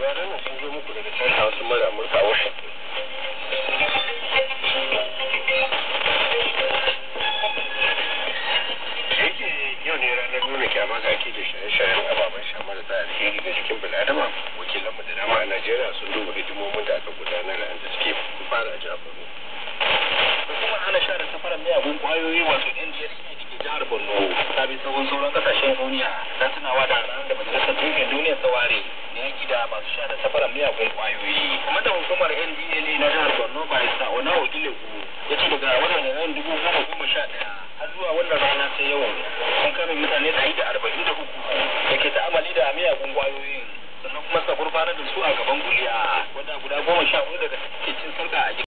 labaran nan sun zo muku daga sashen wasu mara amurka washington yake yau ne ranar nuna kyama ga ake da shaye-shayen ababen sha marasa alheri ga jikin bil'adama wakilanmu da dama a najeriya sun duba hidimomin da aka gudanar a da suke fara a jihar borno hukumar hana sha da safarar miyagun kwayoyi wato ndlc da ke jihar borno ta bi sauran sauran kasashen duniya don tunawa da ranar da majalisar duniya ta ware ya da masu sha da safaran miyagun ƙwayoyi. Kuma da hukumar NDLA na jihar Borno Barista Ona Ogilegu ya ce daga watan Yanayin dubu goma goma sha ɗaya har zuwa wannan rana ta yau sun kame mutane ɗari da arba'in da uku da ke ta'amali da miyagun kwayoyin. Sannan kuma sa gurfanar da su a gaban kuliya wanda guda goma sha hudu daga cikin sarka a